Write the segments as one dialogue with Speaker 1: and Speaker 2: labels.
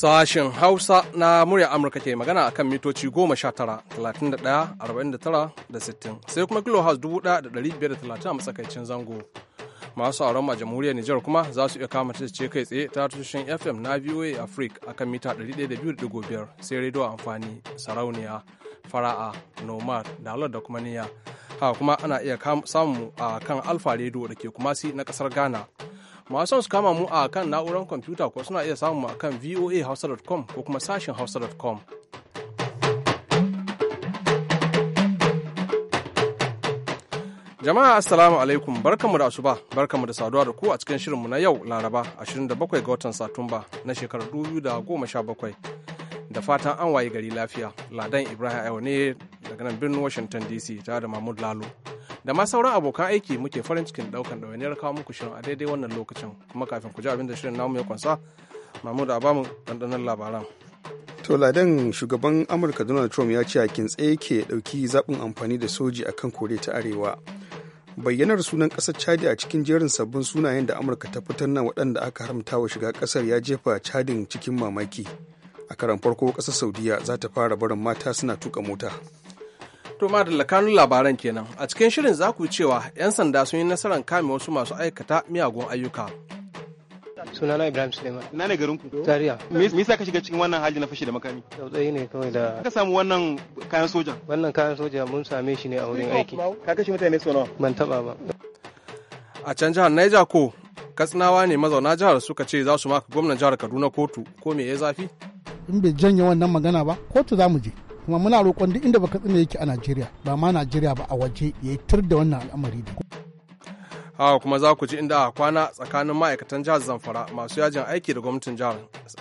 Speaker 1: Sashen Hausa na murya Amurka ke magana akan mitoci 19, 31, 49 60, sai kuma kilohertz 1530 a matsakaicin zango. Masu auren a jamhuriyar Nijar kuma za su iya kama ce kai tsaye ta tushen FM na VOA Africa akan mita 102.5 sai radio amfani sarauniya fara'a nomad dalar da kuma niyya. Haka kuma ana iya samu a kan alfa radio da ke kumasi na kasar Ghana. masu son su kama mu a kan na'urar kwamfuta ko suna iya samun mu a kan voahausa.com ko kuma sashen hausa.com Jama'a Assalamu alaikum barkanmu da asuba barkanmu da saduwa da ku a cikin shirinmu na yau Laraba 27 ga watan Satumba na shekarar 2017 da fatan an waye gari lafiya Ladan Ibrahim Ayo ne daga nan birnin Washington DC tare da Mahmud Lalo. da ma sauran abokan aiki muke farin cikin daukan ɗawainiyar kawo muku shirin a daidai wannan lokacin kuma kafin ku ji abin da shirin namu ya kwansa mamu da abamu ɗanɗanon labaran
Speaker 2: to ladan shugaban amurka donald trump ya ce a kintse ke ɗauki zaɓin amfani da soji a kan kore ta arewa bayyanar sunan ƙasar chadi a cikin jerin sabbin sunayen da amurka ta fitar na waɗanda aka haramta wa shiga kasar ya jefa chadin cikin mamaki a karan farko ƙasar saudiya za ta fara
Speaker 1: barin mata suna tuka mota To da kanun labaran kenan. A cikin shirin za ku cewa 'yan sanda sun yi nasarar kame wasu masu aikata miyagun ayyuka.
Speaker 3: sunana Ibrahim Suleiman. Na ne garin ku? Zaria.
Speaker 1: Me yasa ka shiga cikin wannan hali na fashi da makami? Tsautsayi ne kawai
Speaker 3: da. Ka samu wannan kayan soja? Wannan kayan soja mun same shi ne a wurin aiki. Ka kashe mutane sau nawa?
Speaker 4: Ban taba ba.
Speaker 1: A can jihar Niger ko katsinawa ne mazauna jihar suka ce za su maka gwamnan jihar Kaduna kotu ko me ya zafi?
Speaker 4: In bai janye wannan magana ba kotu za mu je. kuma muna roƙon duk inda baka tsina yake a Najeriya ba ma Najeriya ba a waje ya tar da wannan al'amari da
Speaker 1: Hawa kuma za ku ji inda a kwana tsakanin ma'aikatan jihar Zamfara masu yajin aiki da gwamnatin jihar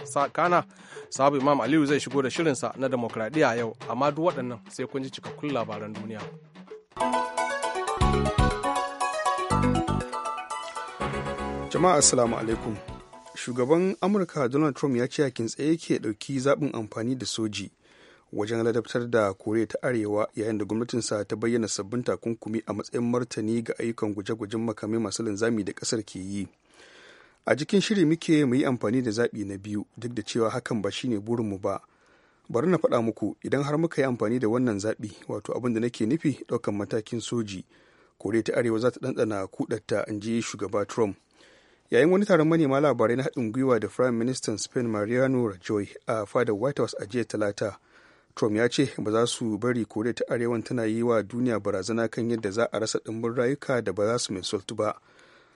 Speaker 1: Sakana sabu Imam Aliyu zai shigo da shirinsa na demokradiyya yau amma duk waɗannan sai kun ji cikakkun labaran duniya.
Speaker 2: Jama'a Assalamu alaikum. Shugaban Amurka Donald Trump ya ce yakin tsaye ke dauki zaɓin amfani da soji wajen ladabtar da koriya ta arewa yayin da gwamnatinsa ta bayyana sabbin takunkumi a matsayin martani ga ayyukan guje-gujen makamai masu linzami da kasar ke yi a cikin shiri muke mu yi amfani da zaɓi na biyu duk da cewa hakan ba shine burinmu ba bari na faɗa muku idan har muka yi amfani da wannan zaɓi wato abin da nake nufi ɗaukan matakin soji koriya ta arewa za ta ɗanɗana kuɗatta in ji shugaba trump yayin wani taron manema labarai na haɗin gwiwa da prime minister spain mariano rajoy a fadar white house a jiya talata Trump ya ce ba za su bari Koriya ta Arewan tana yi wa duniya barazana kan yadda za a rasa ɗimbin rayuka da ba za su misaltu ba.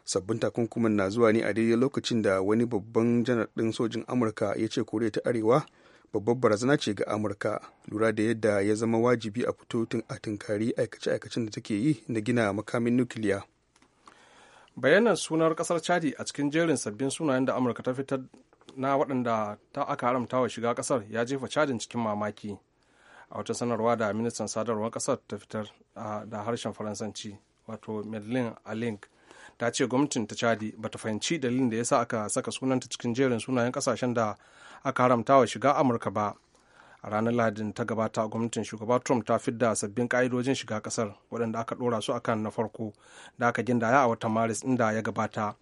Speaker 2: Sabbin takunkuman na zuwa ne a daidai lokacin da wani babban janar ɗin sojin Amurka ya ce Koriya ta Arewa babbar barazana ce ga Amurka lura da yadda ya zama wajibi a fito a tinkari aikace-aikacen da take yi na gina makamin nukiliya.
Speaker 1: Bayanan sunar kasar Chadi a cikin jerin sabbin sunayen da Amurka ta fitar na waɗanda ta aka haramta wa shiga ƙasar ya jefa cajin cikin mamaki a wata sanarwa da ministan sadarwar ƙasar ta fitar da harshen faransanci wato medlin link ta ce gwamnatin ta cadi ba ta fahimci dalilin da ya sa aka saka sunanta cikin jerin sunayen kasashen da aka haramta wa shiga amurka ba a ranar lahadin ta gabata gwamnatin shugaba trump ta da sabbin ka'idojin shiga kasar waɗanda aka ɗora su akan na farko da aka gindaya a watan maris inda ya gabata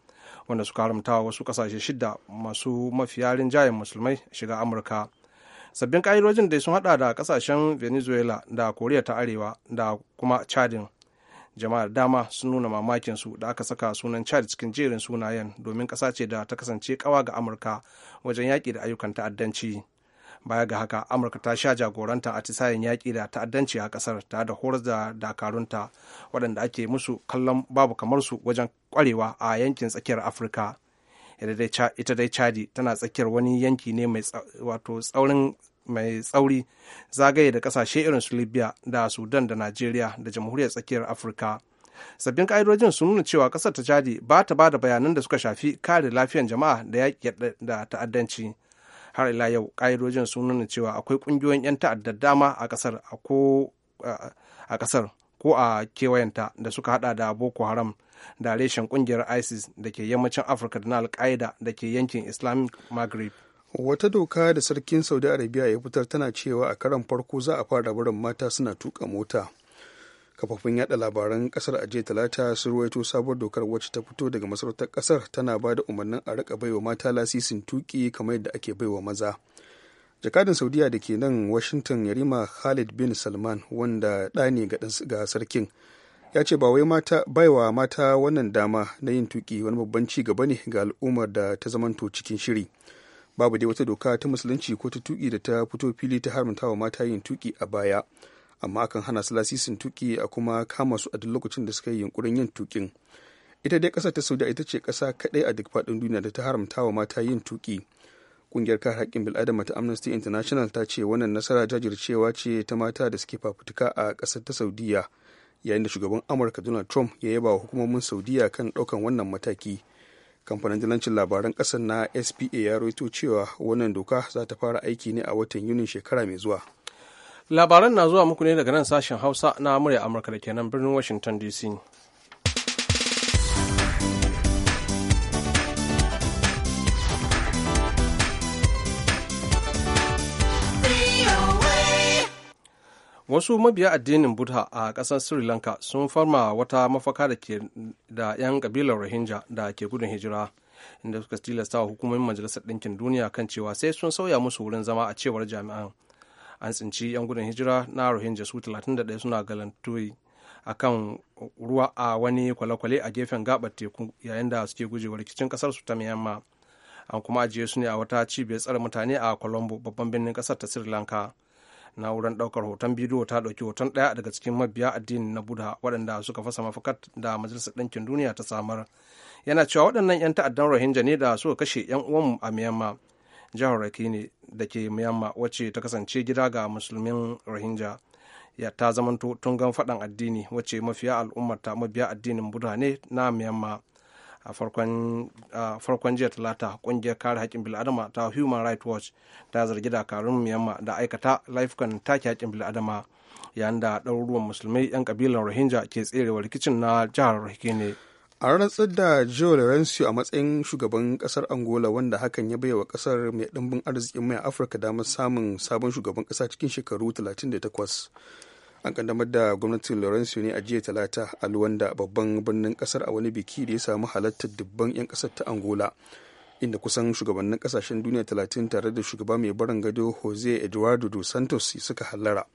Speaker 1: wanda suka haramta wasu kasashe shida masu mafiya rinjayen musulmai shiga amurka sabbin ka'idojin da sun hada da kasashen venezuela da koriya ta arewa da kuma chadin jama'ar dama sun nuna mamakin su da aka saka sunan chad cikin jerin sunayen domin kasa ce da ta kasance kawa ga amurka wajen yaƙi da ayyukan ta'addanci baya ga haka amurka ta sha jagoranta a atisayen yaƙi da ta'addanci a ƙasar ta da horar da dakarunta waɗanda ake musu kallon babu kamar su wajen ƙwarewa a yankin tsakiyar afirka ita dai chadi tana tsakiyar wani yanki ne mai wato tsaurin mai tsauri zagaye da kasashe irin su libya da sudan da najeriya da jamhuriyar tsakiyar afirka sabbin ka'idojin sun nuna cewa kasar ta chadi ba ta ba da bayanan da suka shafi kare lafiyar jama'a da yaƙi da ta'addanci har ila yau ƙa'idojin sun nuna cewa akwai ƙungiyoyin 'yan ta'addar dama a ƙasar a ƙasar ko a kewayenta da suka hada da boko haram da reshen ƙungiyar isis da ke yammacin afirka da na alƙa'ida da ke yankin islamic maghrib
Speaker 2: wata doka da sarkin saudi arabia ya fitar tana cewa a karan farko za a fara barin mata suna tuka mota kafafun yada labaran kasar a jiya talata sun ruwaito sabuwar dokar wacce ta fito daga masarautar kasar tana ba da umarnin a rika baiwa mata lasisin tuki kamar yadda ake baiwa maza jakadin saudiya da ke nan washington yarima khalid bin salman wanda ɗa ne ga sarkin ya ce ba wai mata baiwa mata wannan dama na yin tuki wani babban ci gaba ne ga al'ummar da ta zamanto cikin shiri babu dai wata doka ta musulunci ko ta tuki da ta fito fili ta haramta wa mata yin tuki a baya amma akan hana su lasisin tuki a kuma kama su a duk lokacin da suka yi yunkurin yin tukin ita dai ƙasa ta saudiya ita ce ƙasa kaɗai a duk faɗin duniya da ta haramta wa mata yin tuki ƙungiyar kare haƙƙin bil'adama ta amnesty international ta ce wannan nasara jajircewa ce ta mata da suke fafutuka a kasar ta saudiya yayin da shugaban amurka donald trump ya yaba wa hukumomin saudiya kan ɗaukan wannan mataki kamfanin dalancin labaran ƙasar na spa ya rawaito cewa wannan doka za ta fara aiki ne a watan yunin shekara mai zuwa
Speaker 1: labaran na zuwa muku ne daga nan sashen hausa na murya amurka da kenan birnin washington dc wasu mabiya addinin buddha a ƙasar sri lanka sun farma wata mafaka da ke da 'yan kabilar rohingya da ke gudun hijira inda suka tilasta wa hukumomin majalisar ɗinkin duniya kan cewa sai sun sauya musu wurin zama a cewar jami'an an tsinci 'yan gudun hijira na rohingya su 31 suna galantoyi a kan ruwa a wani kwale-kwale a gefen gabar teku yayin da suke gujewa rikicin kasar su ta miyamma an kuma ajiye su ne a wata cibiyar tsare mutane a colombo babban birnin kasar ta sri lanka na'urar ɗaukar hoton bidiyo ta ɗauki hoton ɗaya daga cikin mabiya addini na buda waɗanda suka fasa mafakar da majalisar ɗinkin duniya ta samar yana cewa waɗannan 'yan ta'addan rohingya ne da suka kashe 'yan uwanmu a miyamma. jihar Rakhine da ke Myanmar wacce ta kasance gida ga musulmin Rohingya ya ta zamanto tungan faɗan addini wacce mafiya al'ummar ta mabiya addinin Buddha ne na Myanmar. a farkon jiya talata kungiyar kare haƙƙin bil'adama ta human rights watch ta zargi dakarun myanmar da aikata laifukan take haƙƙin bil'adama yayin da ɗaruruwan musulmai 'yan ƙabilar rohingya ke tserewa rikicin na jihar rikini a rantsar da joe lorenzo a matsayin shugaban kasar angola wanda
Speaker 2: hakan ya baiwa kasar mai ɗimbin arzikin mai afirka damar samun sabon shugaban kasa cikin shekaru 38 an kaddamar da gwamnatin lorenzo ne a jiya talata a luwanda babban birnin kasar a wani biki da ya samu halartar dubban 'yan kasar ta angola inda kusan shugabannin kasashen duniya 30 tare da shugaba mai barin gado jose eduardo dos santos suka hallara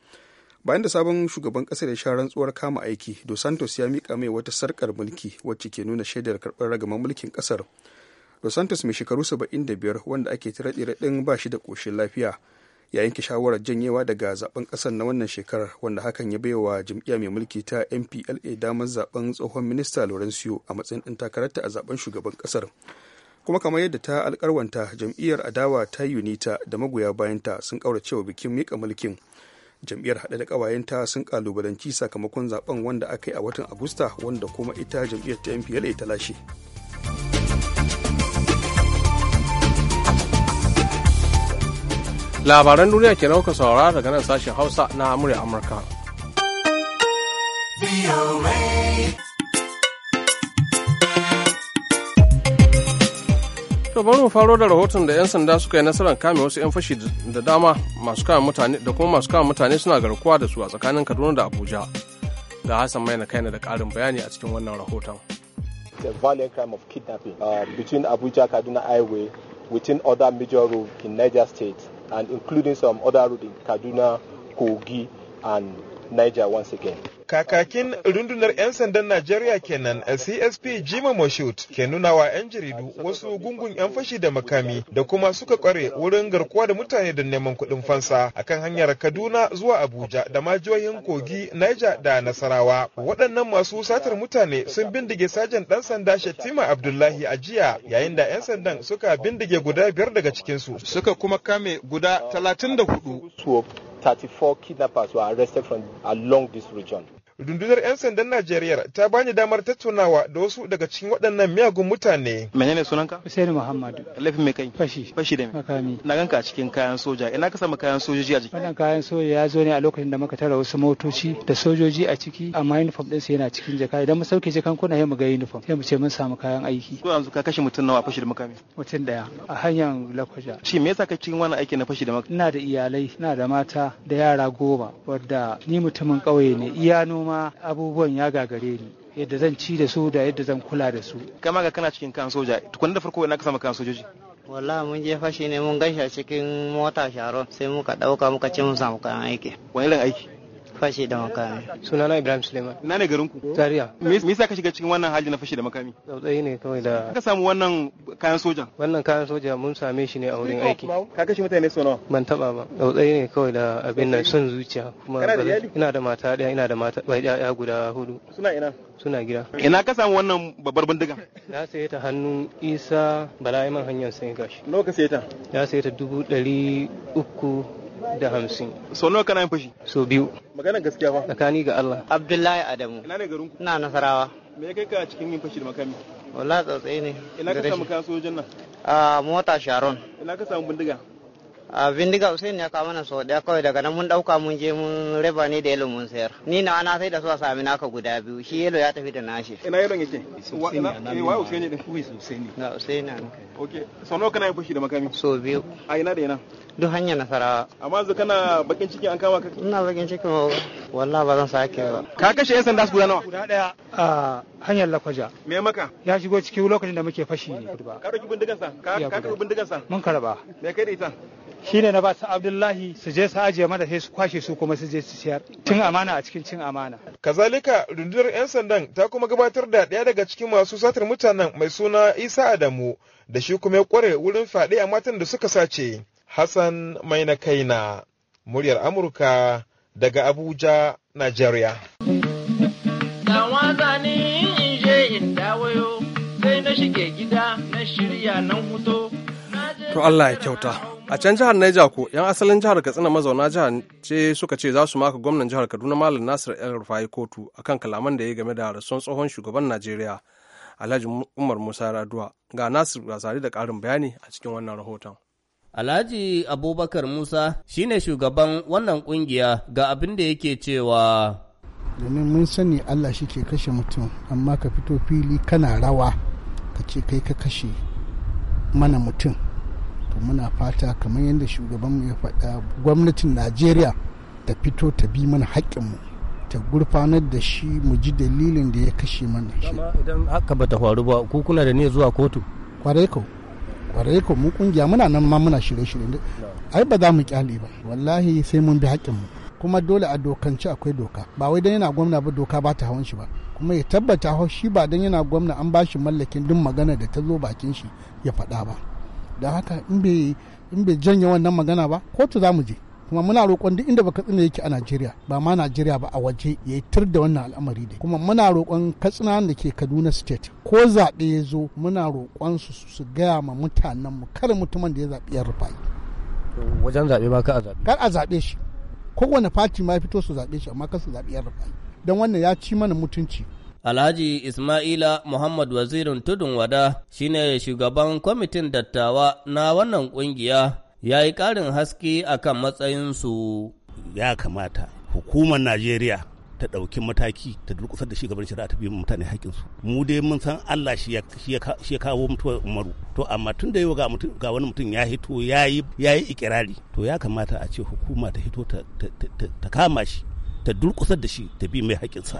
Speaker 2: bayan da sabon shugaban kasar ya sha rantsuwar kama aiki dos santos ya mika mai wata sarkar mulki wacce ke nuna shaidar karbar ragaman mulkin kasar dos santos mai shekaru 75 wanda ake raɗe din ba shi da ƙoshin lafiya ya yanke shawarar janyewa daga zaben kasar na wannan shekarar wanda hakan ya baiwa jam'iyya mai mulki ta mpla damar zaben tsohon minista lorenzo a matsayin ɗin takararta a zaben shugaban kasar kuma kamar yadda ta alkarwanta jam'iyyar adawa ta unita da magoya bayanta sun kauracewa bikin mika mulkin jam'iyyar haɗe da ƙawayenta sun ƙalubalanci sakamakon zaben wanda aka yi a watan agusta wanda
Speaker 1: kuma ita jam'iyyar ta mpla ta lashe labaran duniya ke nauka saurara daga nan sashen hausa na amurya amurka To bari mu faro da rahoton da 'yan sanda suka yi nasarar kame wasu 'yan fashi da dama masu kama mutane da kuma masu kama mutane suna garkuwa da su a tsakanin Kaduna da Abuja. Ga Hassan kai kaina da karin bayani a cikin wannan rahoton.
Speaker 5: The violent crime of kidnapping uh, between Abuja Kaduna Highway within other major road in Niger State and including some other road in Kaduna, Kogi and Niger once again. Kakakin rundunar 'yan sandan Najeriya kenan CSP Jima Moshut ke nuna wa 'yan jaridu wasu gungun 'yan fashi da makami da kuma suka kware wurin garkuwa da mutane da neman kuɗin fansa akan hanyar Kaduna zuwa Abuja da ma Kogi, Niger da Nasarawa. Waɗannan masu satar mutane sun bindige sajan ɗan sanda Shatima Abdullahi a jiya yayin da 'yan sandan suka bindige guda biyar daga cikinsu. Suka kuma kame guda talatin da hudu. 34 kidnappers were arrested from uh, along this region. rundunar 'yan sandan najeriya ta bani damar tattaunawa da wasu daga cikin waɗannan miyagun mutane
Speaker 3: menene sunanka Hussein Muhammadu laifin mai kai fashi fashi da makami na ganka cikin kayan soja ina ka samu kayan sojoji a jiki wannan kayan soja ya zo ne a lokacin da muka tara wasu motoci da sojoji a ciki amma uniform ɗinsu yana cikin jaka idan mu sauke jakan kuna mu ga uniform sai mu ce mun samu kayan aiki ko yanzu ka kashe mutum nawa fashi da makami mutum daya a hanyar lakwaja shi me yasa ka cikin wannan aiki na fashi da makami ina da iyalai ina da mata da yara goma wanda ni mutumin ƙauye ne iya noma kuma abubuwan ya gagare ni yadda zan ci da su da yadda zan kula da su kama ga kana cikin kan soja tukun da farko ina ka samu kan sojoji wallahi mun je fashi ne mun gaisha cikin mota sharon sai muka dauka muka ce mun samu kan aiki wani irin aiki fashi da makami sunana ibrahim suleiman ina ne garin ku me yasa ka shiga cikin wannan hali na fashi da makami tsautsayi ne kawai da ka samu wannan kayan soja wannan kayan soja mun same shi ne a wurin aiki ka kashe mutane sau nawa ban taba ba tsautsayi ne kawai da abin nan son zuciya kuma ina da mata daya ina da mata bai ya guda hudu suna ina suna gida ina ka samu wannan babbar bindiga na saye ta hannu isa bala'iman hanyar sai gashi nawa ka saye ta na saye ta dubu ɗari uku da hamsin. Sau nawa kana yin fashi? Sau biyu. Magana gaskiya fa? Tsakani ga Allah. Abdullahi Adamu. Ina ne garinku? Ina Nasarawa. Me ya kai ka cikin yin fashi da makami? Wallahi tsautsayi ne. Ina ka samu kasuwar jannan? A ah, mota Sharon. Ina ka samu bindiga? a bindiga usain ya kawo mana so daya kawai daga nan mun dauka mun je mun raba ne da yelo mun sayar ni na ana sai da su a sami naka guda biyu shi yelo ya tafi da nashi ina yelo yake wa usain eh, ne ku is ne na usain okay so no kana yafi fushi da makami so biyu a ina da ina duk hanya nasarawa amma yanzu kana bakin cikin an kama ka ina bakin cikin oh, wallahi ba zan sake ba ka kashe yan sanda su guda nawa guda daya a hanyar lakwaja me maka ya shigo cikin lokacin da muke fashi ne ka dauki bindigan sa ka dauki bindigan sa mun karaba me kai da ita Shi ne na ba su abdullahi su je su ajiye mata sai su kwashe su kuma su je su siyar cin amana a cikin cin amana kazalika rundunar yan sandan ta kuma gabatar
Speaker 5: da ɗaya daga cikin masu satar mutanen mai suna isa adamu da shi kuma ya kware wurin fyaɗe a matan da suka sace hassan mai na kaina muryar amurka daga abuja nigeria
Speaker 6: sai na shige gida na shirya nan huto
Speaker 1: To Allah ya kyauta. A can jihar Naija ko 'yan asalin jihar Katsina mazauna jihar ce suka ce za su maka gwamnan jihar Kaduna Malam Nasir El Rufai kotu akan kalaman da ya game da rason tsohon shugaban Najeriya Alhaji Umar Musa Raduwa. Ga Nasir Rasari da ƙarin bayani a cikin wannan rahoton. Alhaji Abubakar Musa shine shugaban wannan kungiya
Speaker 7: ga abin da yake cewa
Speaker 4: domin mun sani Allah shi ke kashe mutum amma ka fito fili kana rawa ka ce kai ka kashe mana mutum to muna fata kamar yadda shugabanmu ya faɗa gwamnatin najeriya ta fito ta bi mana haƙƙinmu ta gurfanar da shi mu ji dalilin da ya kashe mana shi
Speaker 7: idan haka ba ta faru ba ku kuna da ni zuwa kotu
Speaker 4: kwarai ko kwarai ko mu kungiya muna nan ma muna shirye-shirye ai ba za mu kyale ba wallahi sai mun bi mu. kuma dole a dokance akwai doka ba wai dan yana gwamna ba doka ba ta hawan shi ba kuma ya tabbata shi ba dan yana gwamna an ba shi mallakin duk magana da ta zo bakin shi ya faɗa ba da haka in bai janye wannan magana ba kotu za mu je kuma muna roƙon duk inda tsina yake a najeriya ba ma najeriya ba a waje ya yi tur da wannan al'amari dai kuma muna roƙon katsina da ke kaduna state ko zaɓe ya zo muna roƙon su su gaya ma mutanen mu kar mutumin da ya zaɓi yan rufa'i
Speaker 7: wajen zaɓe ba ka a zaɓe
Speaker 4: kar a zaɓe shi kowane fati ma ya fito su zaɓe shi amma kar su zaɓi yan rufa'i don wannan ya ci mana mutunci
Speaker 7: Alhaji Ismaila Muhammad Wazirin Tudun Wada shi ne shugaban kwamitin dattawa na wannan kungiya ya yi ƙarin haske a akan matsayinsu. Ya kamata hukumar Najeriya ta ɗauki mataki ta durƙusar da shugaban shari'a ta bi mutane haƙƙinsu mu dai mun san Allah shi ya kawo mutuwar umaru to amma tun da yau ga ga wani mutum ya hito ya yi ikirari
Speaker 4: to ya kamata a ce hukuma ta hito ta
Speaker 7: kama shi ta durkusar da shi ta bi mai haƙƙin sa.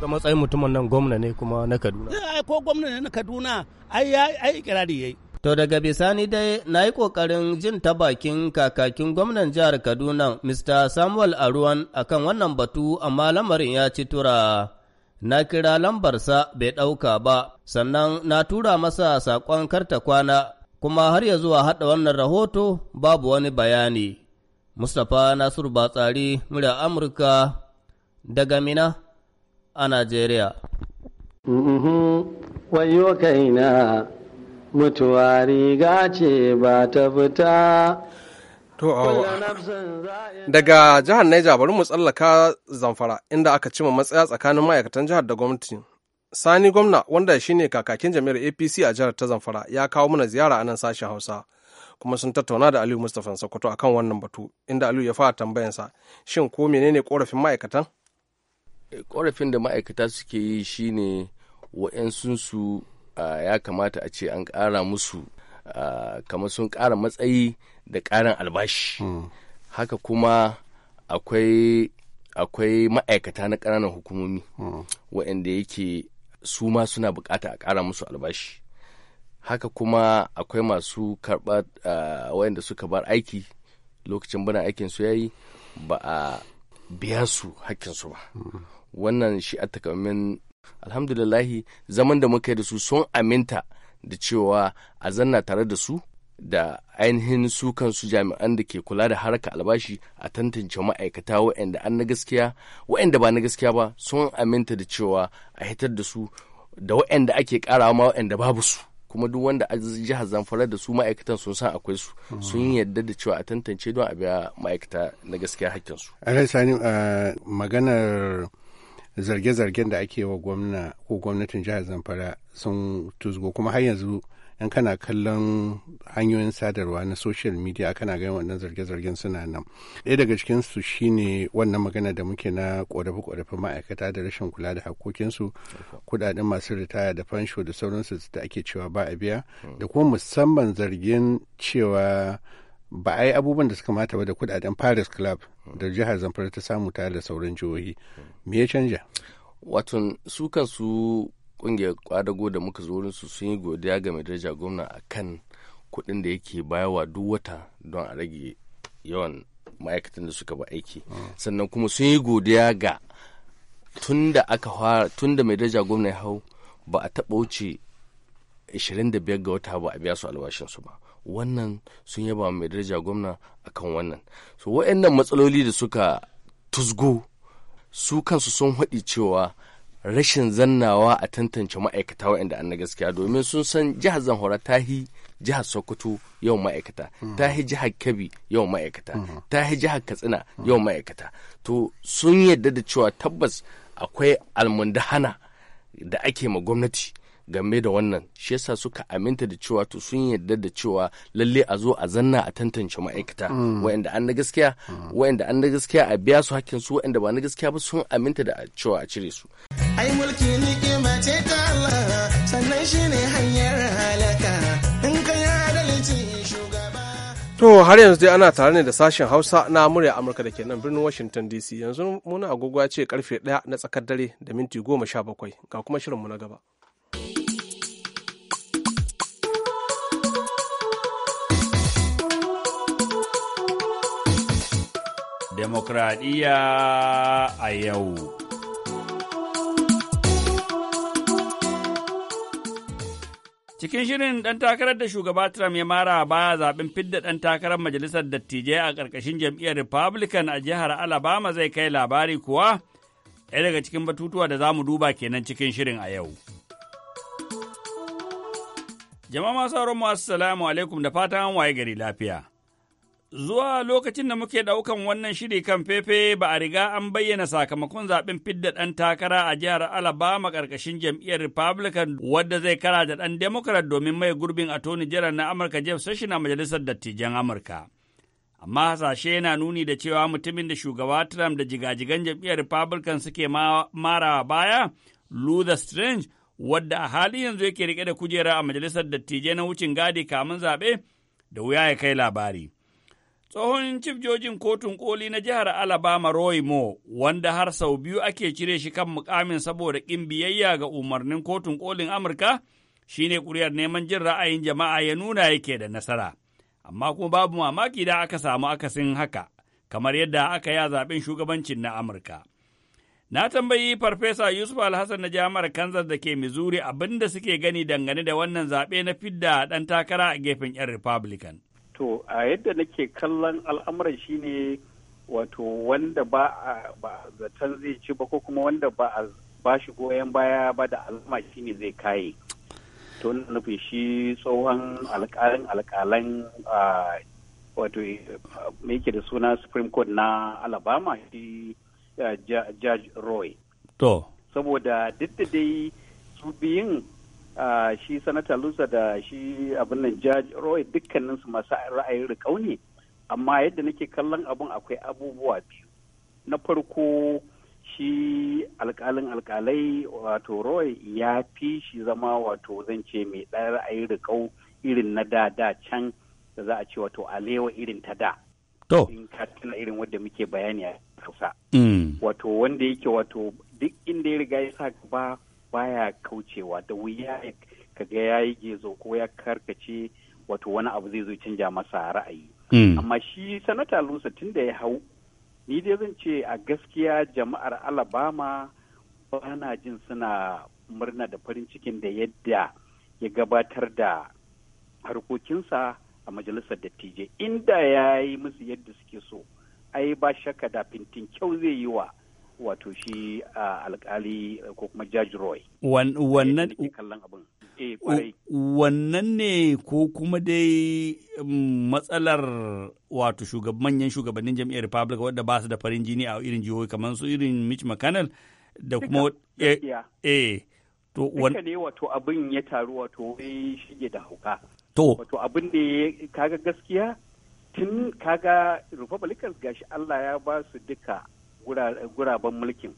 Speaker 7: ga matsayin mutumin nan gwamna ne kuma na Kaduna. Eh, ai ko gwamna ne na Kaduna ai ai ikirari yayi. To daga bisani dai na yi ƙoƙarin jin ta bakin kakakin gwamnan jihar Kaduna Mr. Samuel Aruwan akan wannan batu amma lamarin ya ci tura. Na kira lambarsa bai ɗauka ba, sannan na tura masa saƙon karta kwana, kuma har ya zuwa haɗa wannan rahoto babu wani bayani. Mustapha Nasiru Batsari, murya Amurka daga Mina a Najeriya.
Speaker 1: Wayo na mutuwa riga ce ba ta fita. To, daga jihar Niger bari mu tsallaka zamfara inda aka cima matsaya tsakanin ma'aikatan jihar da gwamnati. Sani gwamna wanda shine kakakin jami'ar APC a jihar ta zamfara ya kawo mana ziyara a nan sashen Hausa. kuma sun tattauna da aliyu Mustafa sokoto akan wannan batu inda aliyu ya fara tambayansa shin ko menene korafin ma'aikatan
Speaker 8: eh, korafin da ma'aikata suke yi shine su ya kamata a ce an ƙara musu kamar sun ƙara matsayi da ƙarin albashi hmm. haka kuma akwai akwai ma'aikata na ƙananan hukumomi hmm. waɗanda yake su ma suna buƙata a ƙara musu albashi haka kuma akwai masu karɓar wayanda suka bar aiki lokacin bana aikin su yayi ba a biya su hakkin su ba wannan shi a takamin alhamdulillahi zaman da muka yi da su sun aminta da cewa a zanna tare da su da ainihin su kansu jami'an da ke kula da harka albashi a tantance ma'aikata waɗanda an na gaskiya ba na gaskiya ba sun aminta da cewa a hitar da su da waɗanda ake karawa ma waɗanda babu su kuma duk wanda jihar zamfara da su ma'aikatan sun san akwai su sun yadda da cewa a tantance don a biya ma'aikata na gaskiya hakkinsu.
Speaker 4: a sani maganar zarge-zargen da ake wa gwamna ko gwamnatin jihar zamfara sun tuzgo kuma har yanzu in kana kallon hanyoyin sadarwa na social media kana ganin wannan zarge-zargen suna nan ɗaya daga cikin su shine wannan magana da muke na ƙorafi ƙorafi ma'aikata da rashin kula da hakokinsu kuɗaɗen masu ritaya da fansho da sauransu da ake cewa ba a biya da kuma musamman zargin cewa ba a yi abubuwan da suka mata ba da kuɗaɗen paris club da jihar zamfara
Speaker 8: ta samu tare da sauran jihohi me ya canja watan su kansu kungiyar kwadago da muka zo wurinsu sun yi godiya ga mai daraja gwamna a kan kuɗin da yake bayawa duk wata don a rage yawan ma'aikatan da suka ba aiki sannan kuma sun yi godiya ga tun da mai daraja gwamna ya hau ba a taɓa wuce 25 ga wata ba a biya su albashinsu ba wannan sun yaba mai daraja gwamna akan wannan so waɗannan matsaloli da suka tuzgo su kansu sun haɗi cewa rashin zannawa a tantance ma'aikata waɗanda an na gaskiya domin sun san jihar zanhora ta hi jihar sokoto yawan ma'aikata ta hi jihar kebbi yawan ma'aikata ta yi jihar katsina yawan ma'aikata to sun yadda da cewa tabbas akwai almundahana da ake ma gwamnati game da wannan shi yasa suka aminta da cewa to sun yarda da cewa lalle a zo a zanna a tantance ma'aikata mm. wa'anda an na gaskiya wa'anda an na gaskiya a biya su hakkin su wa'anda ba na gaskiya ba sun aminta da cewa a cire su
Speaker 4: ai mulki ni mace
Speaker 3: ta Allah sannan shine hanyar halaka in ka yi adalci
Speaker 1: to har yanzu dai ana tare ne da sashen Hausa na murya Amurka da ke nan birnin Washington DC yanzu muna agogo ce karfe 1 na tsakar dare da minti goma sha bakwai ga kuma shirinmu na gaba
Speaker 7: demokradiyya a yau. Cikin shirin ɗan takarar da shugaba Trump ya mara baya zaɓen fidda ɗan takarar majalisar dattijai a ƙarƙashin jam'iyyar Republican a jihar Alabama zai kai labari kuwa, ɗaya daga cikin batutuwa da za mu duba kenan cikin shirin a yau. Jama'a masu mu assalamu alaikum da fatan waye gari lafiya. Zuwa lokacin da muke ɗaukan wannan shiri kan fefe ba a riga an bayyana sakamakon zaɓen fidda ɗan takara a jihar Alabama ƙarƙashin jam'iyyar Republican wadda zai kara da ɗan Democrat domin mai gurbin Attorney General na Amurka Jeff Sessions a Majalisar Dattijan Amurka. Amma hasashe yana nuni da cewa mutumin da shugaba Trump da jigajigan jam'iyyar Republican suke mara baya, Luther Strange, wadda a hali yanzu yake rike da kujera a majalisar dattijai na wucin gadi kamun zaɓe da wuya ya kai labari. Tsohon cif jojin kotun koli na jihar Alabama Roy Mo, wanda har sau biyu ake cire shi kan mukamin saboda ƙin biyayya ga umarnin kotun kolin Amurka, shine ne neman jin ra'ayin jama'a ya nuna yake da nasara. Amma kuma babu mamaki da aka samu akasin haka, kamar yadda aka ya zaɓen shugabancin na Amurka. Na tambayi Farfesa Yusuf Alhassan na jami'ar Kansas da ke mizuri abinda suke gani dangane da wannan zaɓe na fidda ɗan takara a gefen 'yan Republican.
Speaker 6: to a yadda nake kallon al'amuran shine wato wanda ba a zaton zai ci ba ko kuma wanda ba a ba shi goyon baya ba da alama shine zai kaye to nufi shi tsohon alƙalin alƙalan wato me yake da suna supreme court na alabama shi judge roy to saboda duk da dai su biyun shi sanata lusa da shi abin nan jaji roy dukkanin su masu ra'ayin rikau ne amma yadda nake kallon abin akwai abubuwa biyu na farko shi alkalin alkalai wato roy ya fi shi zama wato zan ce mai ɗan ra'ayin rikau irin na da da can da za a ce wato alewa irin ta da To. In ka tuna irin wanda muke bayani a kusa. Mm. Wato wanda yake wato duk inda ya riga ya sa gaba baya kaucewa da wuya kaga ya yi gezo ko ya karkace wato wani abu zai zo canja masa ra'ayi hmm. amma shi sanata lusa tun da ya hau ni dai zan ce a gaskiya jama'ar alabama bana jin suna murna da farin cikin da yadda ya gabatar da harkokinsa a majalisar dattijai inda ya yi musu yadda suke so ai ba shakka da fintin kyau zai yi wa wato shi alkali ko kuma Judge Roy. Eh,
Speaker 7: wannan eh, Wannan ne ko kuma dai mm, matsalar wato manyan shugabannin jam'iyyar Republic wadda ba su da farin jini a irin jihohi kamar su irin Mitch McConnell da kuma eh, eh to
Speaker 6: ne wato abin ya taru wato wai shige da hauka. To wato abin da kaga gaskiya tun kaga Republicans gashi Allah ya ba su duka guraben mulkin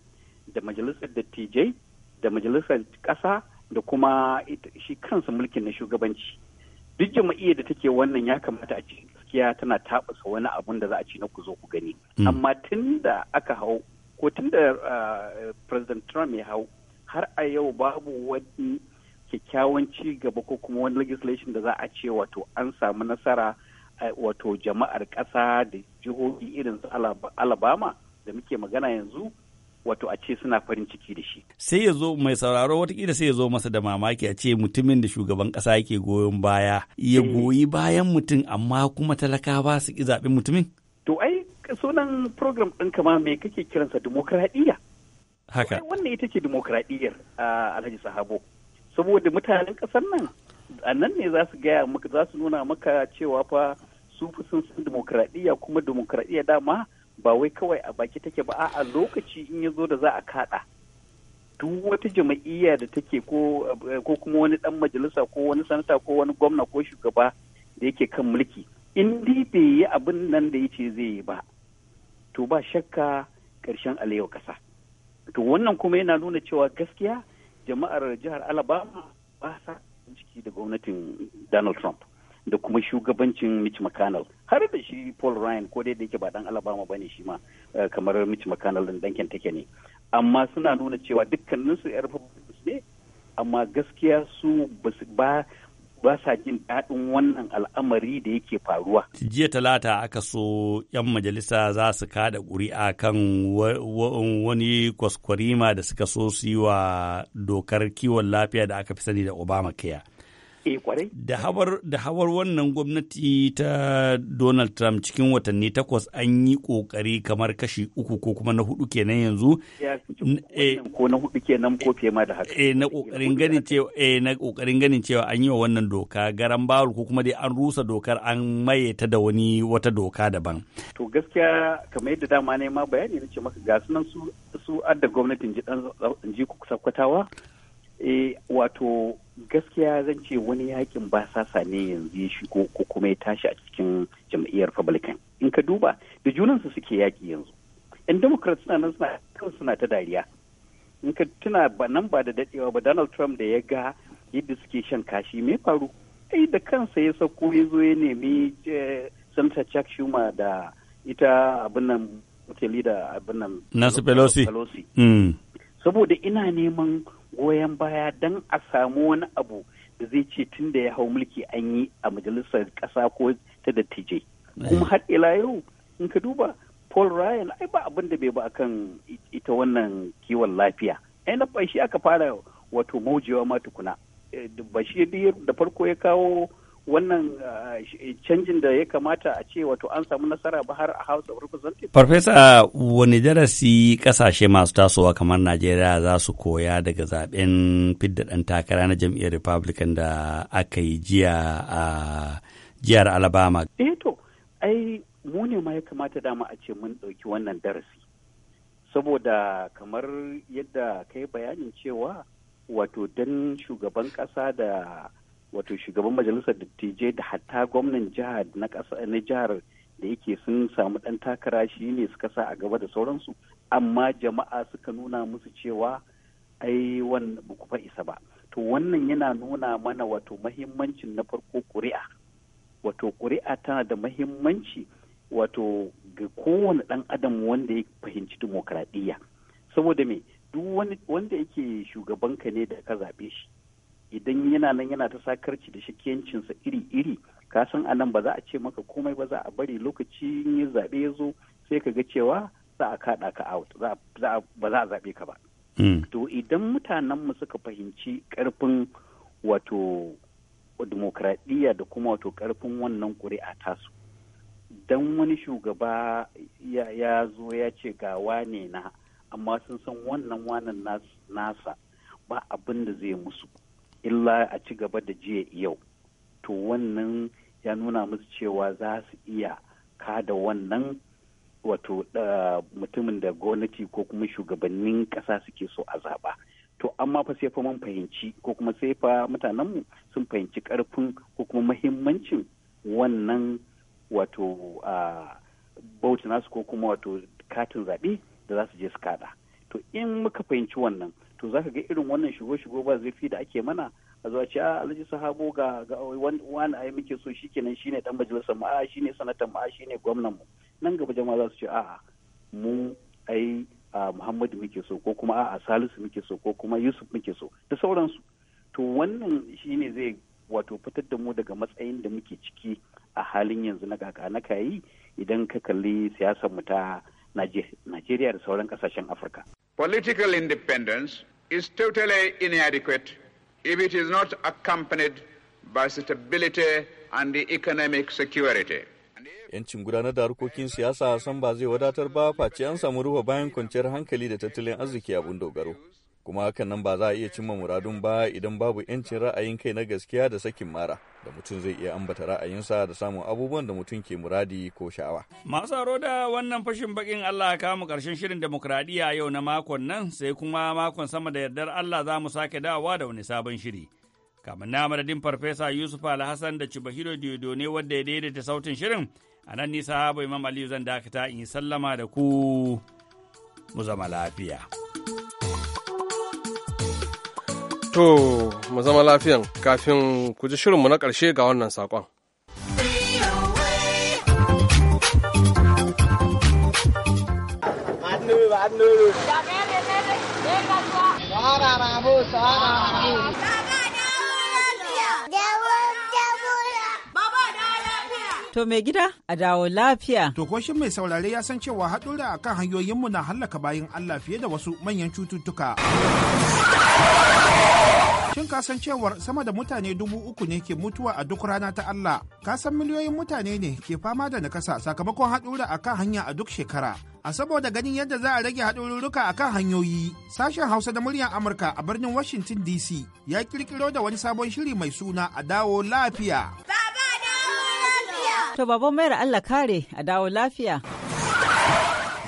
Speaker 6: da majalisar dattijai da majalisar ƙasa da kuma shi kansa mulkin na shugabanci duk jama'iyyar da take wannan ya kamata a ce gaskiya tana taɓasa wani abun da za a ci na ku zo ku gani hmm. amma tun da aka hau ko tun da eh, president trump ya hau har a yau babu wani kyakkyawan ci gaba ko kuma wani legislation da za a ce wato an samu nasara eh, wato jama'ar ƙasa da jihohi irin su alabama da muke magana yanzu wato a ce suna farin ciki da shi.
Speaker 7: Sai ya zo mai sauraro watakila sai ya zo masa da mamaki a ce mutumin da shugaban kasa yake goyon baya ya eh. goyi bayan mutum amma kuma talaka ba su ki zaɓi mutumin.
Speaker 6: To ai sunan program ɗin kama mai kake kiransa demokradiyya. Haka. Wannan ita ce demokradiyyar Alhaji Sahabo. Saboda mutanen ƙasar nan a nan ne za su gaya maka za su nuna maka cewa fa su fi sun san demokradiyya kuma demokradiyya dama ba wai kawai a baki take ba a lokaci in ya zo da za a kaɗa duk wata jama'iyya da take ko kuma wani ɗan majalisa ko wani sanata ko wani gwamna ko shugaba da yake kan mulki in di bai yi abin nan da yace zai yi ba to ba shakka ƙarshen alayyau ƙasa to wannan kuma yana nuna cewa gaskiya jama'ar jihar alabama ba sa ciki da gwamnatin donald trump da kuma shugabancin Mitch McConnell har da shi Paul Ryan ko dai da yake ba dan Alabama bane shi ma eh, kamar Mitch McConnell din dan Kentucky ne amma suna nuna cewa dukkanin su yar ne amma gaskiya su ba ba sa jin daɗin wannan al'amari da yake
Speaker 7: faruwa. Jiya talata aka so 'yan majalisa za su kada ƙuri'a kan wani kwaskwarima da suka so su yi wa dokar kiwon lafiya da aka fi sani da Obama kiya. E kwarai. Da hawar da hawar wannan gwamnati ta Donald Trump cikin watanni takwas an yi kokari kamar kashi uku ko kuma na hudu kenan yanzu. Eh, ko na hudu kenan ko fiye ma da haka. Eh na kokarin eh, ganin cewa an yi wa wannan doka garan bawul ko kuma dai an rusa dokar an maye ta da wani wata doka daban.
Speaker 6: To gaskiya kamar yadda dama ne ma bayani ce maka ga sunan su su adda gwamnatin ji kusa kwatawa eh wato gaskiya zan ce wani yakin ba sasa ne yanzu shi ko kuma ya tashi a cikin jam'iyyar republican in ka duba da junansu suke yaki yanzu yan democrat suna nan suna ta dariya in ka tuna ba nan ba da dadewa ba donald trump da ya ga yadda suke shan kashi mai faru ai da kansa ya sauko ya zo ya nemi eh, senator chuck schumer da ita abin nan da abin nan nancy pelosi mm. saboda ina neman goyon baya don a samu wani abu da zai ce tun da ya hau mulki an yi a majalisar ƙasa ko ta dattijai kuma har ila yau in ka duba paul ryan ai ba abin da bai ba akan ita wannan kiwon lafiya ai na shi aka fara wato maujewa ma
Speaker 7: tukuna eh,
Speaker 6: shi da farko ya kawo wannan eh, canjin da ya kamata a ce wato an samu nasara ba har a hausa of
Speaker 7: Farfesa wani darasi kasashe masu tasowa kamar Najeriya za su koya daga zaben fidda ɗan takara na jam'iyyar Republican da aka yi jiya a jihar Alabama.
Speaker 6: Eh to, ai mu ne ma ya kamata dama a ce mun ɗauki wannan darasi. Saboda kamar yadda kai bayanin cewa wato dan shugaban ƙasa da wato shugaban majalisar dattijai da hatta gwamnan jihar na ƙasa na jihar da yake sun samu ɗan takara shi ne suka sa a gaba da sauransu amma jama'a suka nuna musu cewa ai wannan ba ku fa isa ba to wannan yana nuna mana wato mahimmancin na farko kuri'a wato ƙuri'a tana da mahimmanci wato ga kowane dan adam wanda ya fahimci dimokuraɗiyya saboda me duk wanda yake shugabanka ne da ka zaɓe shi idan yana nan yana ta sakarci da shakiyancinsa iri-iri ka san a nan ba za a ce maka komai ba za a bari lokacin yin zaɓe ya zo sai ka ga cewa za a kaɗa ka out ba za a zaɓe ka ba. Hmm. To idan mutanen mu suka fahimci ƙarfin wato demokradiyya da kuma wato ƙarfin wannan ƙuri'a tasu. Dan wani shugaba ya zo ya ce gawa ne na amma sun san wannan wanan nasa ba abin da zai musu. illa a ci gaba da jiya yau to wannan ya nuna musu cewa za su iya kada wannan wato mutumin da gwamnati ko kuma shugabannin ƙasa suke so a zaba. to amma fa sai fa mun fahimci ko kuma sai fa mutanenmu sun fahimci karfin ko kuma mahimmancin wannan wato bauta nasu ko kuma wato katin zaɓe da za su je su kada to in muka fahimci wannan to za ka ga irin wannan shigo-shigo ba zurfi da ake mana a zuwa ce a ah, alhaji sahabo ga wani ai muke so shikenan ne dan majalisar mu a ah, ne sanatan mu a ah, ne gwamnan mu nan gaba jama'a za su ce a'a mu ai muhammadu muke so ko kuma a'a salisu muke so ko kuma yusuf muke so da sauransu to wannan shi ne zai wato fitar da mu daga matsayin da muke ciki a halin yanzu na kaka na kayi idan ka kalli siyasar mu ta Najeriya da sauran kasashen Afirka.
Speaker 2: Political independence is totally inadequate if it is not accompanied by stability and economic
Speaker 5: security.
Speaker 7: Yancin gudanar da harkokin siyasa san ba zai wadatar ba face an samu ruwa bayan kwanciyar hankali da tattalin arziki abun dogaro. kuma hakan nan ba za a iya cimma muradun ba idan babu yancin ra'ayin kai na gaskiya da sakin mara da mutum zai iya ambata ra'ayinsa da samun abubuwan da mutum ke muradi ko sha'awa. Masu aro da wannan fashin bakin Allah ka mu karshen shirin demokradiyya yau na makon nan sai kuma makon sama da yardar Allah za mu sake dawowa da wani sabon shiri. Kamar na madadin Farfesa Yusuf Alhassan da Cibahiro ne wadda ya daidaita sautin shirin a nan nisa bai Imam Aliyu zan dakata in yi sallama da ku
Speaker 1: mu zama lafiya. To, mu zama lafiyan kafin ku ji shirinmu na ƙarshe ga wannan saƙon.
Speaker 5: To mai gida a dawo lafiya. To koshin mai saurare ya san cewa haɗura kan hanyoyinmu na hallaka bayan Allah fiye da wasu manyan cututtuka. Shin ka san cewar sama da mutane dubu uku ne ke mutuwa a duk rana ta Allah, Ka san miliyoyin mutane ne ke fama da nakasa sakamakon haɗura a kan hanya a duk shekara. A saboda ganin yadda za a rage haɗururruka a kan hanyoyi, sashen Hausa da muryar Amurka a birnin Washington DC ya ƙirƙiro da wani sabon shiri mai suna a dawo lafiya. Baba dawo lafiya!
Speaker 4: To baban mayar Allah kare a dawo lafiya.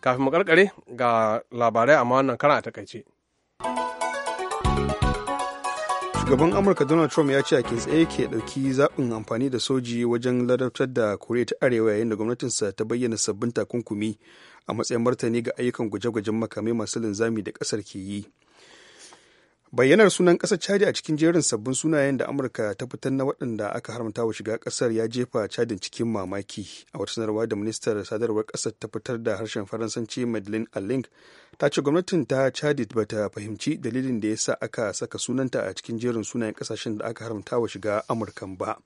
Speaker 1: kafin mu ga labarai amma wannan kara a takaice
Speaker 2: shugaban amurka donald trump ya ce a tsaye ke ɗauki zaɓin amfani da soji wajen ladabtar da koriya ta arewa yayin da gwamnatinsa ta bayyana sabbin takunkumi a matsayin martani ga ayyukan gwaje-gwajen makamai masu linzami da ƙasar ke yi bayyanar sunan ƙasar chadi a cikin jerin sabbin sunayen da amurka ta fitar na waɗanda aka haramta wa shiga ƙasar ya jefa chadin cikin mamaki a wata sanarwa da ministar sadarwar ƙasar ta fitar da harshen faransanci madeleine alling ta ce gwamnatin ta chadi ba ta fahimci dalilin da ya sa aka saka sunanta a cikin jerin sunayen ƙasashen da aka haramta wa shiga amurkan ba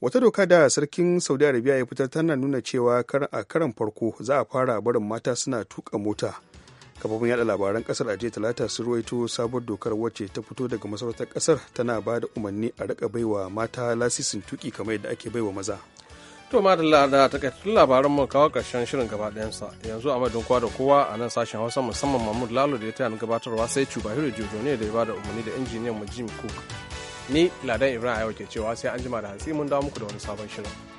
Speaker 2: wata doka da sarkin saudi arabia ya fitar tana nuna cewa a karan farko za a fara barin mata suna tuka mota kafofin yada labaran kasar a jiya talata sun ruwaito sabuwar dokar wacce ta fito daga masarautar kasar tana ba da umarni a rika baiwa mata lasisin tuki kamar yadda ake baiwa maza
Speaker 1: to madalla da takaitattun labaran mu kawo karshen shirin gaba ɗayansa yanzu a madadin kowa da kowa a nan sashen hausa musamman mahmud lalo da ya taya gabatarwa sai cubahiro jojo ne da ya ba da umarni da injiniyan mu jim cook ni ladan ibrahim ayo ke cewa sai an jima da hatsi mun dawo muku da wani sabon shirin